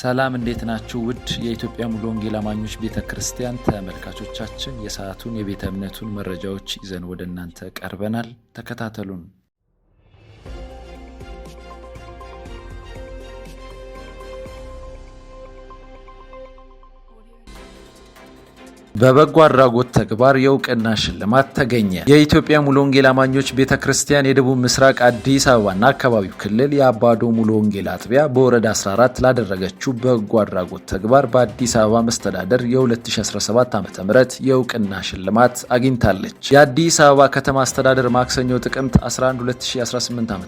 ሰላም እንዴት ናችሁ? ውድ የኢትዮጵያ ሙሉ ወንጌል አማኞች ቤተ ክርስቲያን ተመልካቾቻችን የሰዓቱን የቤተ እምነቱን መረጃዎች ይዘን ወደ እናንተ ቀርበናል። ተከታተሉን። በበጎ አድራጎት ተግባር የእውቅና ሽልማት ተገኘ። የኢትዮጵያ ሙሉ ወንጌል አማኞች ቤተ ክርስቲያን የደቡብ ምስራቅ አዲስ አበባና አካባቢው ክልል የአባዶ ሙሉ ወንጌል አጥቢያ በወረዳ 14 ላደረገችው በጎ አድራጎት ተግባር በአዲስ አበባ መስተዳደር የ2017 ዓ ም የእውቅና ሽልማት አግኝታለች። የአዲስ አበባ ከተማ አስተዳደር ማክሰኞ ጥቅምት 11 2018 ዓ ም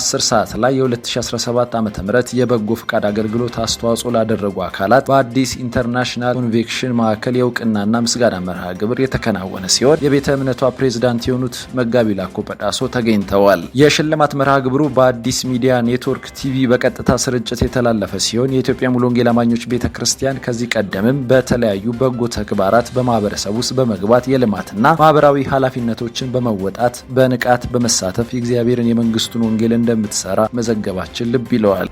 10 ሰዓት ላይ የ2017 ዓ ም የበጎ ፈቃድ አገልግሎት አስተዋጽኦ ላደረጉ አካላት በአዲስ ኢንተርናሽናል ኮንቬክሽን ማዕከል የእውቅና የቅስናና ምስጋና መርሃ ግብር የተከናወነ ሲሆን የቤተ እምነቷ ፕሬዝዳንት የሆኑት መጋቢ ላኮ በጣሶ ተገኝተዋል። የሽልማት መርሃ ግብሩ በአዲስ ሚዲያ ኔትወርክ ቲቪ በቀጥታ ስርጭት የተላለፈ ሲሆን የኢትዮጵያ ሙሉ ወንጌል አማኞች ቤተ ክርስቲያን ከዚህ ቀደምም በተለያዩ በጎ ተግባራት በማህበረሰብ ውስጥ በመግባት የልማትና ማህበራዊ ኃላፊነቶችን በመወጣት በንቃት በመሳተፍ የእግዚአብሔርን የመንግስቱን ወንጌል እንደምትሰራ መዘገባችን ልብ ይለዋል።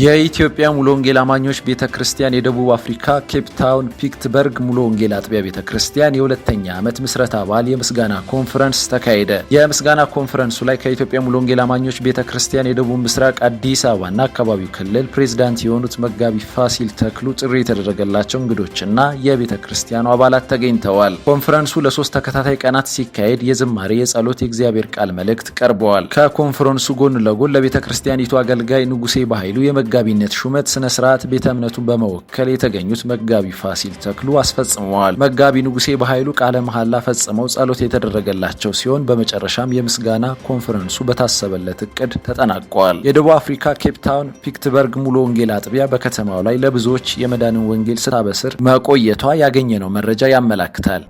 የኢትዮጵያ ሙሉ ወንጌል አማኞች ቤተ ክርስቲያን የደቡብ አፍሪካ ኬፕ ታውን ፒክትበርግ ሙሉ ወንጌል አጥቢያ ቤተ ክርስቲያን የሁለተኛ ዓመት ምስረታ በዓል የምስጋና ኮንፈረንስ ተካሄደ። የምስጋና ኮንፈረንሱ ላይ ከኢትዮጵያ ሙሉ ወንጌል አማኞች ቤተ ክርስቲያን የደቡብ ምስራቅ አዲስ አበባና አካባቢው ክልል ፕሬዝዳንት የሆኑት መጋቢ ፋሲል ተክሉ ጥሪ የተደረገላቸው እንግዶችና የቤተ ክርስቲያኑ አባላት ተገኝተዋል። ኮንፈረንሱ ለሶስት ተከታታይ ቀናት ሲካሄድ የዝማሬ፣ የጸሎት፣ የእግዚአብሔር ቃል መልእክት ቀርበዋል። ከኮንፈረንሱ ጎን ለጎን ለቤተ ክርስቲያኒቱ አገልጋይ ንጉሴ በኃይሉ የመጋቢነት ሹመት ስነ ስርዓት ቤተ እምነቱን በመወከል የተገኙት መጋቢ ፋሲል ተክሉ አስፈጽመዋል። መጋቢ ንጉሴ በኃይሉ ቃለ መሐላ ፈጽመው ጸሎት የተደረገላቸው ሲሆን በመጨረሻም የምስጋና ኮንፈረንሱ በታሰበለት እቅድ ተጠናቋል። የደቡብ አፍሪካ ኬፕታውን ፒክትበርግ ሙሉ ወንጌል አጥቢያ በከተማው ላይ ለብዙዎች የመዳንን ወንጌል ስታበስር መቆየቷ ያገኘነው መረጃ ያመላክታል።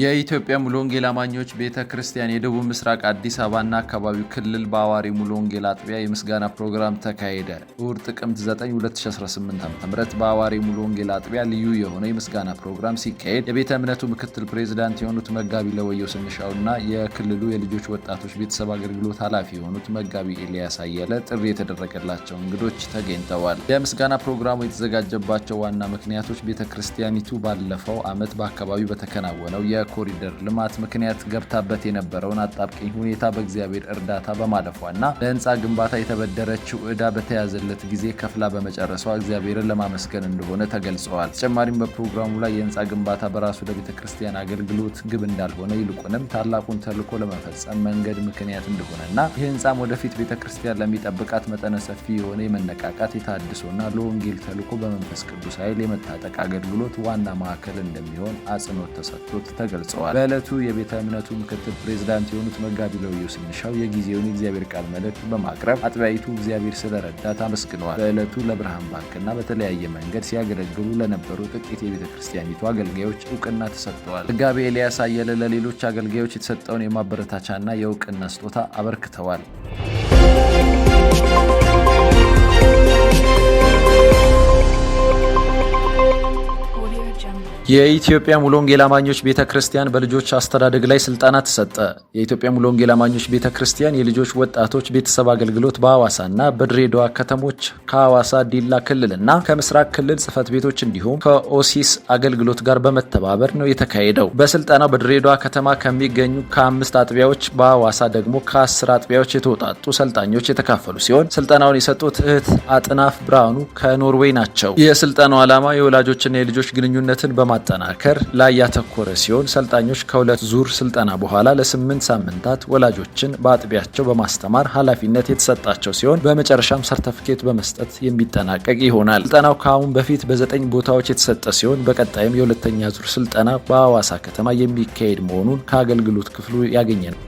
የኢትዮጵያ ሙሉ ወንጌል አማኞች ቤተ ክርስቲያን የደቡብ ምስራቅ አዲስ አበባና አካባቢው ክልል በአዋሪ ሙሉ ወንጌል አጥቢያ የምስጋና ፕሮግራም ተካሄደ። እሁድ ጥቅምት 9 2018 ዓ.ም በአዋሪ ሙሉ ወንጌል አጥቢያ ልዩ የሆነ የምስጋና ፕሮግራም ሲካሄድ የቤተ እምነቱ ምክትል ፕሬዚዳንት የሆኑት መጋቢ ለወየው ስንሻውና የክልሉ የልጆች ወጣቶች ቤተሰብ አገልግሎት ኃላፊ የሆኑት መጋቢ ኤልያስ አየለ ጥሪ የተደረገላቸው እንግዶች ተገኝተዋል። የምስጋና ፕሮግራሙ የተዘጋጀባቸው ዋና ምክንያቶች ቤተ ክርስቲያኒቱ ባለፈው ዓመት በአካባቢው በተከናወነው ኮሪደር ልማት ምክንያት ገብታበት የነበረውን አጣብቂኝ ሁኔታ በእግዚአብሔር እርዳታ በማለፏና ለህንፃ ግንባታ የተበደረችው ዕዳ በተያዘለት ጊዜ ከፍላ በመጨረሷ እግዚአብሔርን ለማመስገን እንደሆነ ተገልጸዋል። ተጨማሪም በፕሮግራሙ ላይ የህንፃ ግንባታ በራሱ ለቤተ ክርስቲያን አገልግሎት ግብ እንዳልሆነ ይልቁንም ታላቁን ተልዕኮ ለመፈጸም መንገድ ምክንያት እንደሆነና ይህ ህንፃም ወደፊት ቤተ ክርስቲያን ለሚጠብቃት መጠነ ሰፊ የሆነ የመነቃቃት የታድሶና ለወንጌል ተልዕኮ በመንፈስ ቅዱስ ኃይል የመታጠቅ አገልግሎት ዋና ማዕከል እንደሚሆን አጽንኦት ተሰጥቶት ገልጸዋል። በዕለቱ የቤተ እምነቱ ምክትል ፕሬዝዳንት የሆኑት መጋቢ ለውዩ ስንሻው የጊዜውን የእግዚአብሔር ቃል መልእክት በማቅረብ አጥቢያይቱ እግዚአብሔር ስለረዳት አመስግነዋል። በዕለቱ ለብርሃን ባንክና በተለያየ መንገድ ሲያገለግሉ ለነበሩ ጥቂት የቤተ ክርስቲያኒቱ አገልጋዮች እውቅና ተሰጥተዋል። መጋቢ ኤልያስ አየለ ለሌሎች አገልጋዮች የተሰጠውን የማበረታቻና የእውቅና ስጦታ አበርክተዋል። የኢትዮጵያ ሙሉ ወንጌል አማኞች ቤተ ክርስቲያን በልጆች አስተዳደግ ላይ ስልጠና ተሰጠ። የኢትዮጵያ ሙሉ ወንጌል አማኞች ቤተ ክርስቲያን የልጆች ወጣቶች ቤተሰብ አገልግሎት በሐዋሳና በድሬዳዋ ከተሞች ከሐዋሳ ዲላ ክልልና ከምስራቅ ክልል ጽፈት ቤቶች እንዲሁም ከኦሲስ አገልግሎት ጋር በመተባበር ነው የተካሄደው። በስልጠናው በድሬዳዋ ከተማ ከሚገኙ ከአምስት አጥቢያዎች በሐዋሳ ደግሞ ከአስር አጥቢያዎች የተውጣጡ ሰልጣኞች የተካፈሉ ሲሆን ስልጠናውን የሰጡት እህት አጥናፍ ብርሃኑ ከኖርዌይ ናቸው። የስልጠናው ዓላማ የወላጆችና የልጆች ግንኙነትን በማ ማጠናከር ላይ ያተኮረ ሲሆን ሰልጣኞች ከሁለት ዙር ስልጠና በኋላ ለስምንት ሳምንታት ወላጆችን በአጥቢያቸው በማስተማር ኃላፊነት የተሰጣቸው ሲሆን በመጨረሻም ሰርተፍኬት በመስጠት የሚጠናቀቅ ይሆናል። ስልጠናው ከአሁን በፊት በዘጠኝ ቦታዎች የተሰጠ ሲሆን በቀጣይም የሁለተኛ ዙር ስልጠና በአዋሳ ከተማ የሚካሄድ መሆኑን ከአገልግሎት ክፍሉ ያገኘ ነው።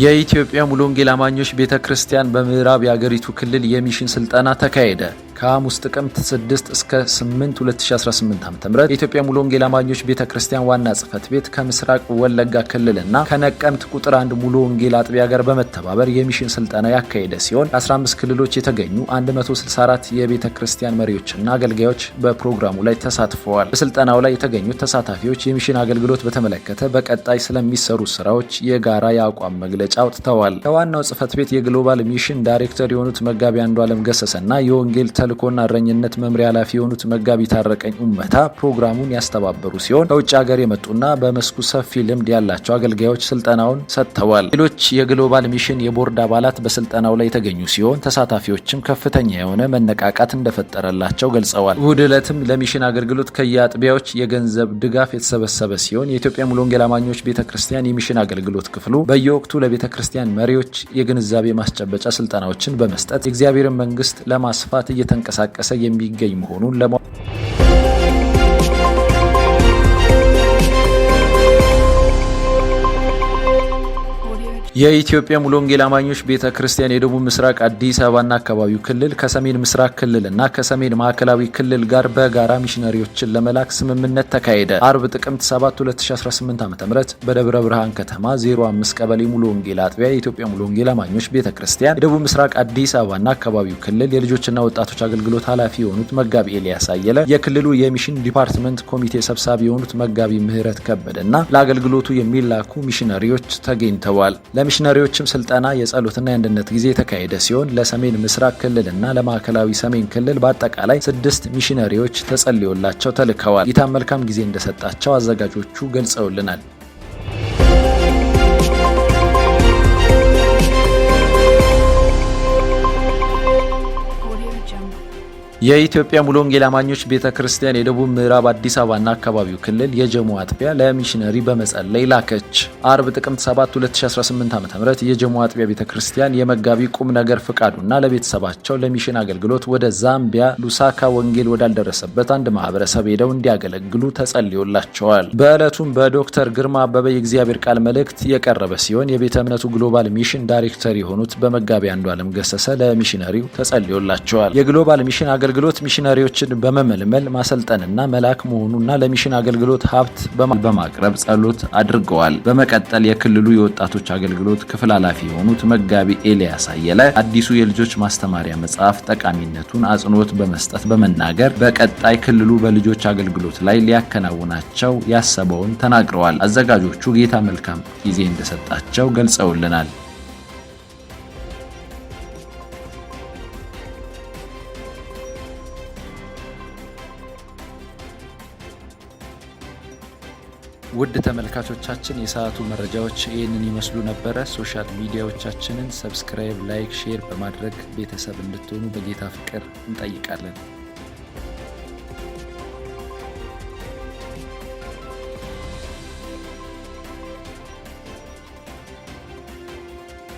የኢትዮጵያ ሙሉ ወንጌል አማኞች ቤተ ክርስቲያን በምዕራብ የአገሪቱ ክልል የሚሽን ስልጠና ተካሄደ። ከሐሙስ ጥቅምት 6 እስከ 8 2018 ዓ.ም የኢትዮጵያ ሙሉ ወንጌል አማኞች ቤተ ክርስቲያን ዋና ጽህፈት ቤት ከምስራቅ ወለጋ ክልልና ከነቀምት ቁጥር አንድ ሙሉ ወንጌል አጥቢያ ጋር በመተባበር የሚሽን ስልጠና ያካሄደ ሲሆን 15 ክልሎች የተገኙ 164 የቤተ ክርስቲያን መሪዎችና አገልጋዮች በፕሮግራሙ ላይ ተሳትፈዋል። በስልጠናው ላይ የተገኙት ተሳታፊዎች የሚሽን አገልግሎት በተመለከተ በቀጣይ ስለሚሰሩ ስራዎች የጋራ የአቋም መግለጫ አውጥተዋል። ከዋናው ጽሕፈት ቤት የግሎባል ሚሽን ዳይሬክተር የሆኑት መጋቢ አንዱ ዓለም ገሰሰና የወንጌል ተ ተልእኮና እረኝነት መምሪያ ኃላፊ የሆኑት መጋቢ ታረቀኝ ኡመታ ፕሮግራሙን ያስተባበሩ ሲሆን ከውጭ ሀገር የመጡና በመስኩ ሰፊ ልምድ ያላቸው አገልጋዮች ስልጠናውን ሰጥተዋል። ሌሎች የግሎባል ሚሽን የቦርድ አባላት በስልጠናው ላይ የተገኙ ሲሆን ተሳታፊዎችም ከፍተኛ የሆነ መነቃቃት እንደፈጠረላቸው ገልጸዋል። እሁድ ዕለትም ለሚሽን አገልግሎት ከየአጥቢያዎች የገንዘብ ድጋፍ የተሰበሰበ ሲሆን የኢትዮጵያ ሙሉ ወንጌል አማኞች ቤተ ክርስቲያን የሚሽን አገልግሎት ክፍሉ በየወቅቱ ለቤተ ክርስቲያን መሪዎች የግንዛቤ ማስጨበጫ ስልጠናዎችን በመስጠት የእግዚአብሔርን መንግስት ለማስፋት እየተ እየተንቀሳቀሰ የሚገኝ መሆኑን ለማወቅ የኢትዮጵያ ሙሉ ወንጌል አማኞች ቤተ ክርስቲያን የደቡብ ምስራቅ አዲስ አበባና አካባቢው ክልል ከሰሜን ምስራቅ ክልል እና ከሰሜን ማዕከላዊ ክልል ጋር በጋራ ሚሽነሪዎችን ለመላክ ስምምነት ተካሄደ። አርብ ጥቅምት 7 2018 ዓ ም በደብረ ብርሃን ከተማ 05 ቀበሌ ሙሉ ወንጌል አጥቢያ የኢትዮጵያ ሙሉ ወንጌል አማኞች ቤተ ክርስቲያን የደቡብ ምስራቅ አዲስ አበባና አካባቢው ክልል የልጆችና ወጣቶች አገልግሎት ኃላፊ የሆኑት መጋቢ ኤልያስ አየለ፣ የክልሉ የሚሽን ዲፓርትመንት ኮሚቴ ሰብሳቢ የሆኑት መጋቢ ምህረት ከበደ እና ለአገልግሎቱ የሚላኩ ሚሽነሪዎች ተገኝተዋል። ለሚሽነሪዎችም ስልጠና የጸሎትና የአንድነት ጊዜ የተካሄደ ሲሆን ለሰሜን ምስራቅ ክልልና ለማዕከላዊ ሰሜን ክልል በአጠቃላይ ስድስት ሚሽነሪዎች ተጸልዮላቸው ተልከዋል። ጌታ መልካም ጊዜ እንደሰጣቸው አዘጋጆቹ ገልጸውልናል። የኢትዮጵያ ሙሉ ወንጌል አማኞች ቤተ ክርስቲያን የደቡብ ምዕራብ አዲስ አበባና አካባቢው ክልል የጀሞ አጥቢያ ለሚሽነሪ በመጸለይ ላከች። አርብ ጥቅምት 7 2018 ዓ ም የጀሞ አጥቢያ ቤተ ክርስቲያን የመጋቢ ቁም ነገር ፍቃዱና ለቤተሰባቸው ለሚሽን አገልግሎት ወደ ዛምቢያ ሉሳካ ወንጌል ወዳልደረሰበት አንድ ማህበረሰብ ሄደው እንዲያገለግሉ ተጸልዮላቸዋል። በዕለቱም በዶክተር ግርማ አበበ የእግዚአብሔር ቃል መልእክት የቀረበ ሲሆን የቤተ እምነቱ ግሎባል ሚሽን ዳይሬክተር የሆኑት በመጋቢ አንዱ አለም ገሰሰ ለሚሽነሪው ተጸልዮላቸዋል። የግሎባል ሚሽን አገልግሎት ሚሽነሪዎችን በመመልመል ማሰልጠንና መላክ መሆኑና ለሚሽን አገልግሎት ሀብት በማቅረብ ጸሎት አድርገዋል። በመቀጠል የክልሉ የወጣቶች አገልግሎት ክፍል ኃላፊ የሆኑት መጋቢ ኤልያስ አየለ አዲሱ የልጆች ማስተማሪያ መጽሐፍ ጠቃሚነቱን አጽንኦት በመስጠት በመናገር በቀጣይ ክልሉ በልጆች አገልግሎት ላይ ሊያከናውናቸው ያሰበውን ተናግረዋል። አዘጋጆቹ ጌታ መልካም ጊዜ እንደሰጣቸው ገልጸውልናል። ውድ ተመልካቾቻችን የሰዓቱ መረጃዎች ይህንን ይመስሉ ነበረ። ሶሻል ሚዲያዎቻችንን ሰብስክራይብ፣ ላይክ፣ ሼር በማድረግ ቤተሰብ እንድትሆኑ በጌታ ፍቅር እንጠይቃለን።